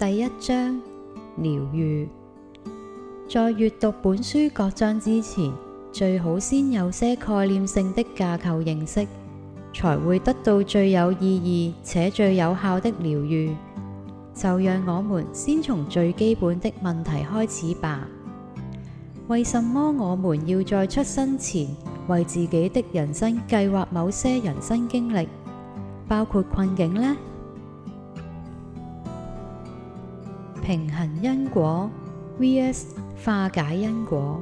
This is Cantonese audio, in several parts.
第一章療癒。在閱讀本書各章之前，最好先有些概念性的架構認識，才會得到最有意義且最有效的療癒。就讓我們先從最基本的問題開始吧。為什麼我們要在出生前為自己的人生計劃某些人生經歷，包括困境呢？平衡因果 vs 化解因果，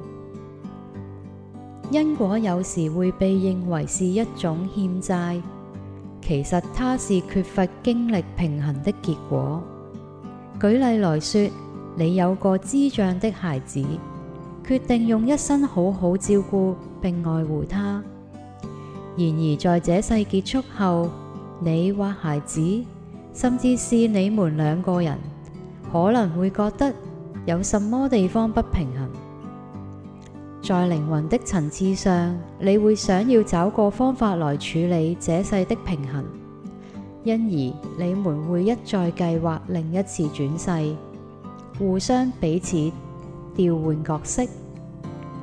因果有時會被認為是一種欠債，其實它是缺乏經歷平衡的結果。舉例來說，你有個智障的孩子，決定用一生好好照顧並愛護他，然而在這世結束後，你或孩子，甚至是你們兩個人。可能會覺得有什麼地方不平衡，在靈魂的層次上，你會想要找個方法來處理這世的平衡，因而你們會一再計劃另一次轉世，互相彼此調換角色。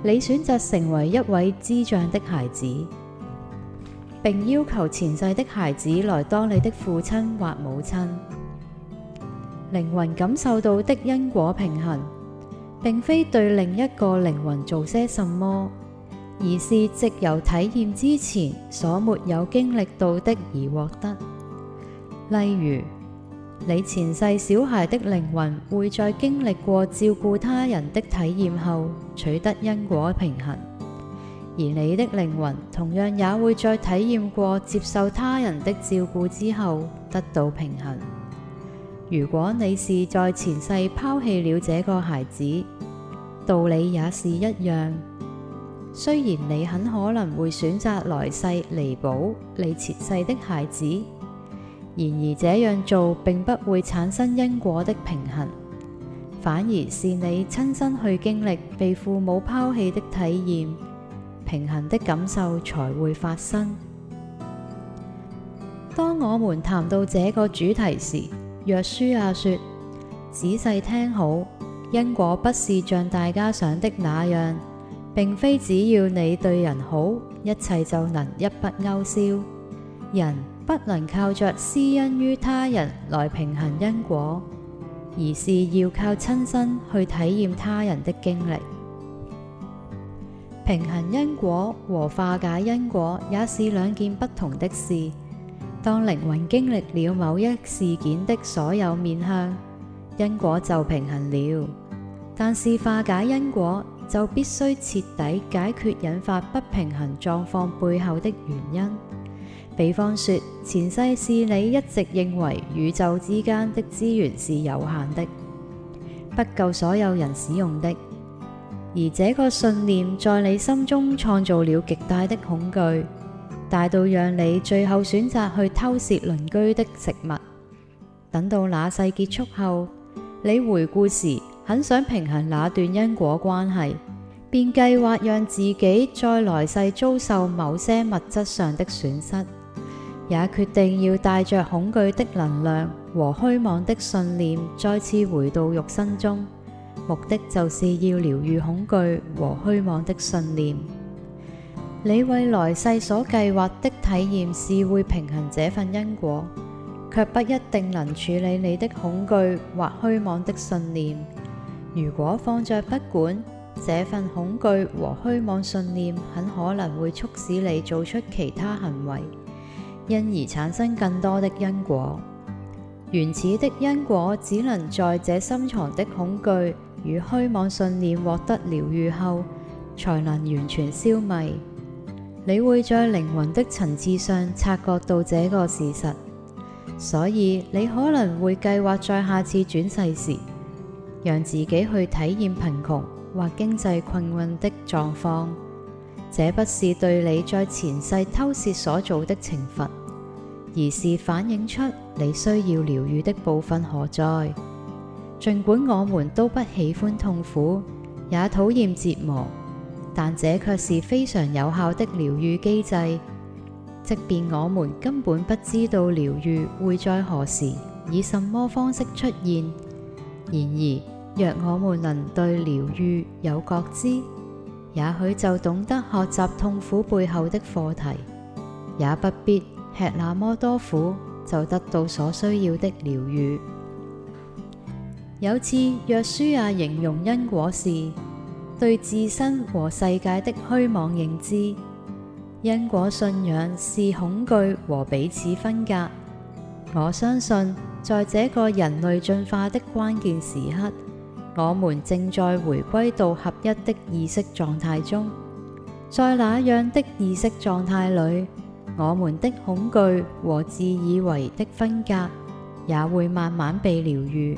你選擇成為一位智障的孩子，並要求前世的孩子來當你的父親或母親。靈魂感受到的因果平衡，並非對另一個靈魂做些什麼，而是藉由體驗之前所沒有經歷到的而獲得。例如，你前世小孩的靈魂會在經歷過照顧他人的體驗後取得因果平衡，而你的靈魂同樣也會在體驗過接受他人的照顧之後得到平衡。如果你是在前世拋棄了這個孩子，道理也是一樣。雖然你很可能會選擇來世彌補你前世的孩子，然而這樣做並不會產生因果的平衡，反而是你親身去經歷被父母拋棄的體驗，平衡的感受才會發生。當我們談到這個主題時，若書亞啊說：仔細聽好，因果不是像大家想的那樣，並非只要你對人好，一切就能一筆勾銷。人不能靠着施恩於他人來平衡因果，而是要靠親身去體驗他人的經歷。平衡因果和化解因果也是兩件不同的事。當靈魂經歷了某一事件的所有面向，因果就平衡了。但是化解因果就必須徹底解決引發不平衡狀況背後的原因。比方說，前世是你一直認為宇宙之間的資源是有限的，不夠所有人使用的，而這個信念在你心中創造了極大的恐懼。大到讓你最後選擇去偷竊鄰居的食物，等到那世結束後，你回顧時很想平衡那段因果關係，便計劃讓自己再來世遭受某些物質上的損失，也決定要帶着恐懼的能量和虛妄的信念再次回到肉身中，目的就是要療癒恐懼和虛妄的信念。你為來世所計劃的體驗是會平衡這份因果，卻不一定能處理你的恐懼或虛妄的信念。如果放着不管，這份恐懼和虛妄信念很可能會促使你做出其他行為，因而產生更多的因果。原始的因果只能在這深藏的恐懼與虛妄信念獲得療癒後，才能完全消弭。你會在靈魂的層次上察覺到這個事實，所以你可能會計劃在下次轉世時，讓自己去體驗貧窮或經濟困窘的狀況。這不是對你在前世偷竊所做的懲罰，而是反映出你需要療癒的部分何在。盡管我們都不喜歡痛苦，也討厭折磨。但這卻是非常有效的療癒機制，即便我們根本不知道療癒會在何時以什麼方式出現。然而，若我們能對療癒有覺知，也許就懂得學習痛苦背後的課題，也不必吃那麼多苦就得到所需要的療癒。有次，約書亞形容因果時，對自身和世界的虛妄認知，因果信仰是恐懼和彼此分隔。我相信，在這個人類進化的關鍵時刻，我們正在回歸到合一的意識狀態中。在那樣的意識狀態裏，我們的恐懼和自以為的分隔也會慢慢被療愈。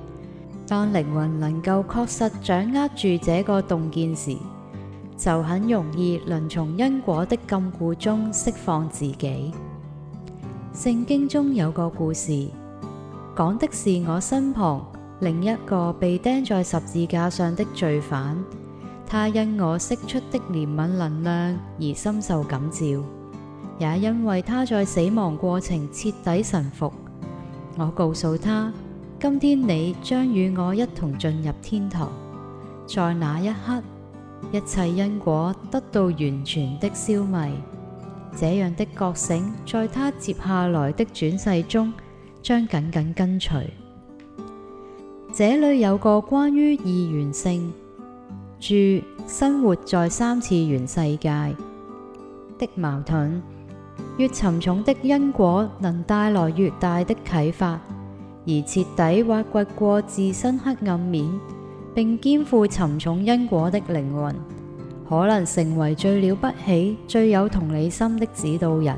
當靈魂能夠確實掌握住這個洞見時，就很容易能從因果的禁錮中釋放自己。聖經中有個故事，講的是我身旁另一個被釘在十字架上的罪犯，他因我釋出的憐憫能量而深受感召，也因為他在死亡過程徹底臣服。我告訴他。今天你將與我一同進入天堂，在那一刻，一切因果得到完全的消弭。這樣的覺醒，在他接下來的轉世中將緊緊跟隨。這裏有個關於二元性，住生活在三次元世界的矛盾。越沉重的因果，能帶來越大的啟發。而徹底挖掘過自身黑暗面，並肩負沉重因果的靈魂，可能成為最了不起、最有同理心的指導人。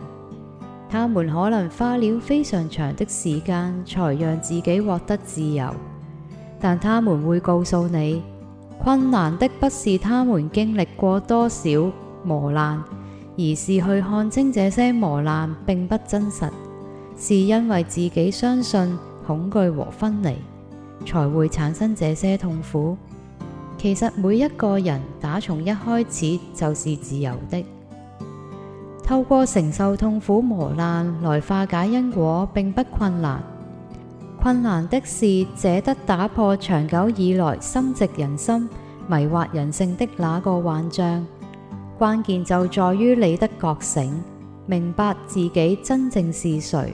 他們可能花了非常長的時間才讓自己獲得自由，但他們會告訴你，困難的不是他們經歷過多少磨難，而是去看清這些磨難並不真實，是因為自己相信。恐懼和分離才會產生這些痛苦。其實每一個人打從一開始就是自由的。透過承受痛苦磨難來化解因果，並不困難。困難的是，這得打破長久以來深植人心、迷惑人性的那個幻象。關鍵就在於你得覺醒，明白自己真正是誰。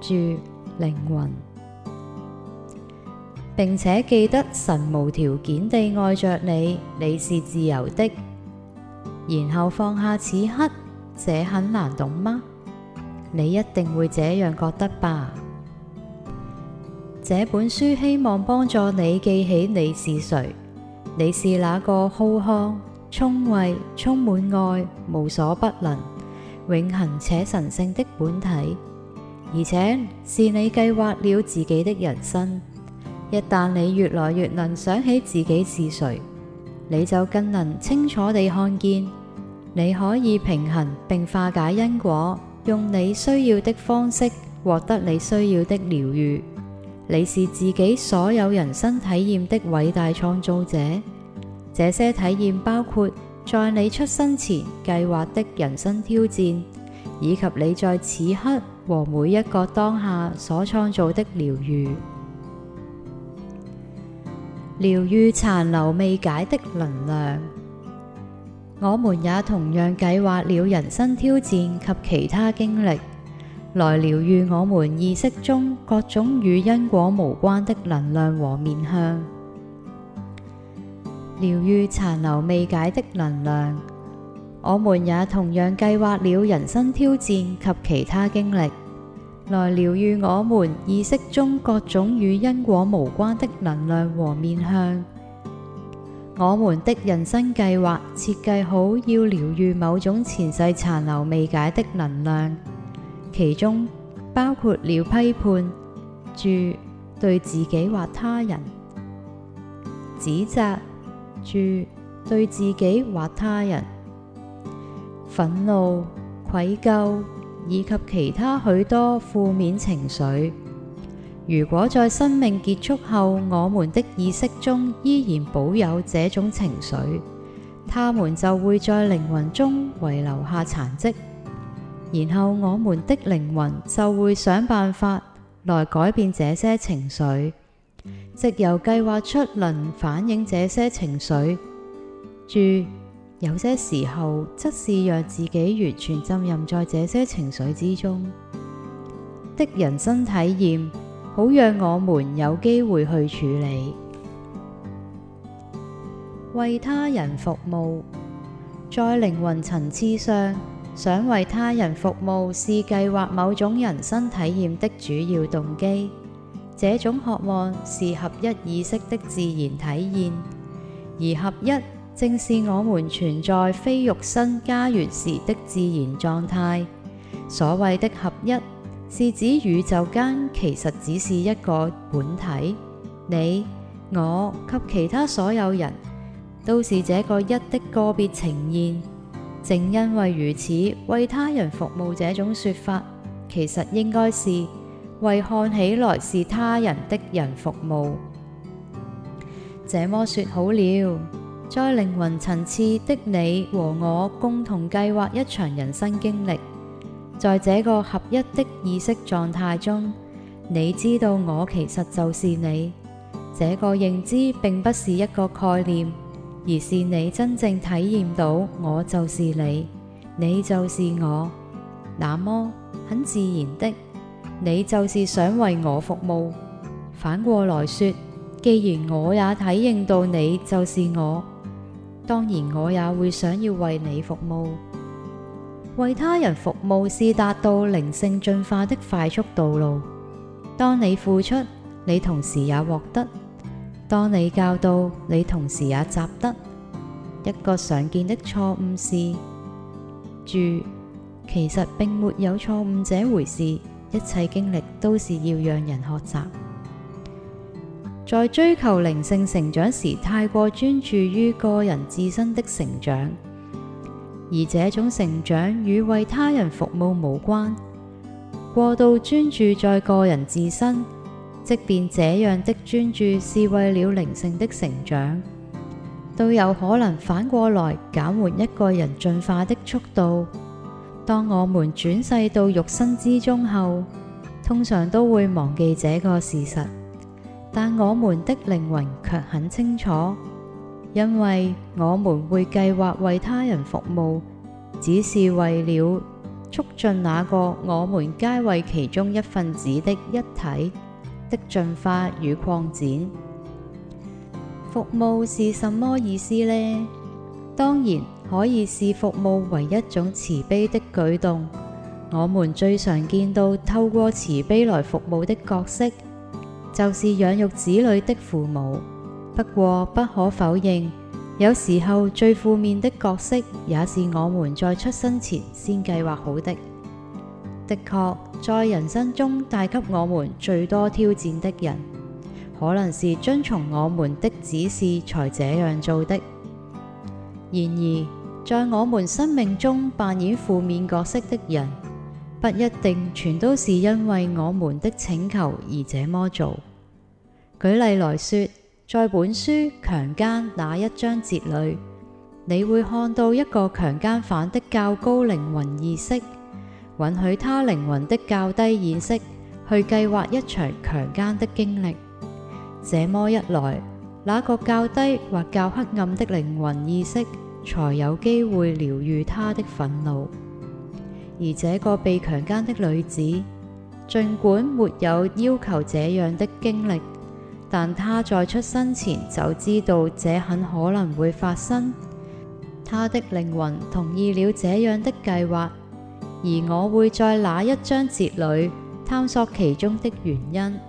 注。靈魂，並且記得神無條件地愛着你，你是自由的。然後放下此刻，這很難懂嗎？你一定會這樣覺得吧？這本書希望幫助你記起你是誰，你是那個浩瀚、聰慧、充滿愛、無所不能、永恒且神聖的本體。而且是你計劃了自己的人生。一旦你越來越能想起自己是誰，你就更能清楚地看見，你可以平衡並化解因果，用你需要的方式獲得你需要的療癒。你是自己所有人生體驗的偉大創造者。這些體驗包括在你出生前計劃的人生挑戰。以及你在此刻和每一個當下所創造的療愈，療愈殘留未解的能量。我們也同樣計劃了人生挑戰及其他經歷，來療愈我們意識中各種與因果無關的能量和面向。療愈殘留未解的能量。我們也同樣計劃了人生挑戰及其他經歷，來療癒我們意識中各種與因果無關的能量和面向。我們的人生計劃設計好要療癒某種前世殘留未解的能量，其中包括了批判，注對自己或他人，指責，注對自己或他人。憤怒、愧疚以及其他許多負面情緒，如果在生命結束後，我們的意識中依然保有這種情緒，他們就會在靈魂中遺留下殘迹，然後我們的靈魂就會想辦法來改變這些情緒，藉由計劃出能反映這些情緒。注。有些時候，則是讓自己完全浸淫在這些情緒之中的人生體驗，好讓我們有機會去處理。為他人服務，在靈魂層次上，想為他人服務是計劃某種人生體驗的主要動機。這種渴望是合一意識的自然體驗，而合一。正是我們存在非肉身家園時的自然狀態。所謂的合一，是指宇宙間其實只是一個本體，你、我及其他所有人都是這個一的個別呈現。正因為如此，為他人服務這種說法，其實應該是為看起來是他人的人服務。這麼說好了。在靈魂層次的你和我共同計劃一場人生經歷，在這個合一的意識狀態中，你知道我其實就是你。這個認知並不是一個概念，而是你真正體驗到我就是你，你就是我。那麼很自然的，你就是想為我服務。反過來說，既然我也體驗到你就是我。當然，我也會想要為你服務。為他人服務是達到靈性進化的快速道路。當你付出，你同時也獲得；當你教導，你同時也習得。一個常見的錯誤是：住，其實並沒有錯誤這回事。一切經歷都是要讓人學習。在追求靈性成長時，太過專注於個人自身的成長，而這種成長與為他人服務無關。過度專注在個人自身，即便這樣的專注是為了靈性的成長，都有可能反過來減緩一個人進化的速度。當我們轉世到肉身之中後，通常都會忘記這個事實。但我們的靈魂卻很清楚，因為我們會計劃為他人服務，只是為了促進那個我們皆為其中一份子的一體的進化與擴展。服務是什麼意思呢？當然可以視服務為一種慈悲的舉動。我們最常見到透過慈悲來服務的角色。就是養育子女的父母。不過不可否認，有時候最負面的角色也是我們在出生前先計劃好的。的確，在人生中帶給我們最多挑戰的人，可能是遵從我們的指示才這樣做的。然而，在我們生命中扮演負面角色的人，不一定全都是因為我們的請求而這麼做。舉例來說，在本書強姦那一章節裏，你會看到一個強姦犯的較高靈魂意識，允許他靈魂的較低意識去計劃一場強姦的經歷。這麼一來，那個較低或較黑暗的靈魂意識才有機會療癒他的憤怒。而這個被強姦的女子，儘管沒有要求這樣的經歷。但他在出生前就知道這很可能會發生，他的靈魂同意了這樣的計劃，而我會在那一章節裏探索其中的原因。